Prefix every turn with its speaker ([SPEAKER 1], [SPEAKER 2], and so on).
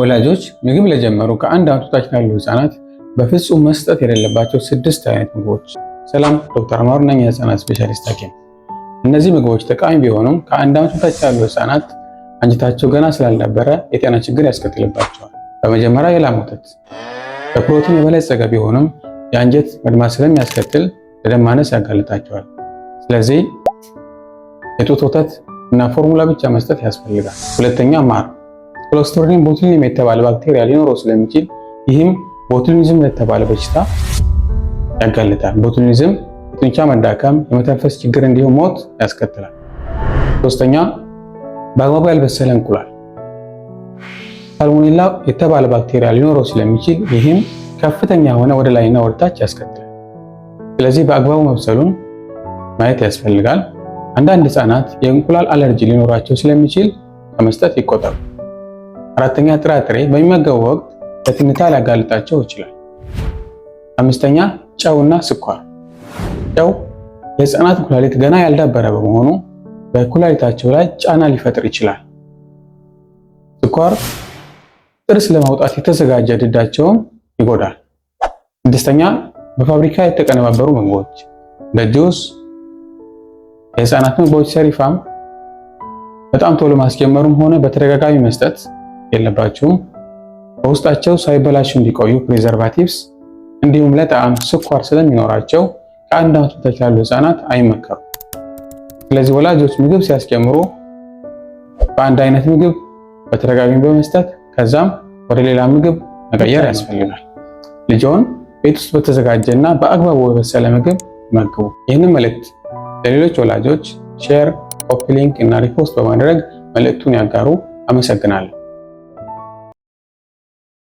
[SPEAKER 1] ወላጆች ምግብ ለጀመሩ ከአንድ ዓመት በታች ላሉ ህጻናት በፍጹም መስጠት የሌለባቸው ስድስት አይነት ምግቦች። ሰላም ዶክተር አማሩ ነኝ፣ የህፃናት ስፔሻሊስት ሐኪም። እነዚህ ምግቦች ጠቃሚ ቢሆኑም ከአንድ ዓመት በታች ላሉ ህጻናት አንጀታቸው ገና ስላልነበረ የጤና ችግር ያስከትልባቸዋል። በመጀመሪያ የላም ወተት በፕሮቲን የበለጸገ ቢሆንም የአንጀት መድማት ስለሚያስከትል ለደም ማነስ ያጋልጣቸዋል። ስለዚህ የጡት ወተት እና ፎርሙላ ብቻ መስጠት ያስፈልጋል። ሁለተኛ ማር ክሎስትሪዲየም ቦቱሊኒም የተባለ ባክቴሪያ ሊኖረው ስለሚችል ይህም ቦቱሊኒዝም ለተባለ በሽታ ያጋልጣል። ቦቱሊኒዝም የጡንቻ መዳከም፣ የመተንፈስ ችግር እንዲሁም ሞት ያስከትላል። ሶስተኛ በአግባቡ ያልበሰለ እንቁላል። ሳልሞኔላ የተባለ ባክቴሪያ ሊኖረው ስለሚችል ይህም ከፍተኛ የሆነ ወደ ላይና ወደታች ያስከትላል። ስለዚህ በአግባቡ መብሰሉን ማየት ያስፈልጋል። አንዳንድ ህፃናት የእንቁላል አለርጂ ሊኖራቸው ስለሚችል ከመስጠት ይቆጠሩ። አራተኛ ጥራጥሬ በሚመገቡ ወቅት ለትንታ ሊያጋልጣቸው ይችላል። አምስተኛ ጨውና ስኳር። ጨው የህፃናት ኩላሊት ገና ያልዳበረ በመሆኑ በኩላሊታቸው ላይ ጫና ሊፈጥር ይችላል። ስኳር ጥርስ ለማውጣት የተዘጋጀ ድዳቸውን ይጎዳል። ስድስተኛ በፋብሪካ የተቀነባበሩ ምግቦች እንደ ጁስ፣ የሕፃናት ምግቦች፣ ሰሪፋም በጣም ቶሎ ማስጀመሩም ሆነ በተደጋጋሚ መስጠት የለባቸውም። በውስጣቸው ሳይበላሹ እንዲቆዩ ፕሬዘርቫቲቭስ እንዲሁም ለጣዕም ስኳር ስለሚኖራቸው ከአንድ ዓመት በታች ላሉ ህፃናት አይመከሩም። ስለዚህ ወላጆች ምግብ ሲያስጀምሩ በአንድ አይነት ምግብ በተደጋጋሚ በመስጠት ከዛም ወደ ሌላ ምግብ መቀየር ያስፈልጋል። ልጆን ቤት ውስጥ በተዘጋጀ እና በአግባቡ በበሰለ ምግብ መግቡ። ይህንን መልእክት ለሌሎች ወላጆች ሼር፣ ኮፒ ሊንክ እና ሪፖስት በማድረግ መልእክቱን ያጋሩ። አመሰግናለሁ።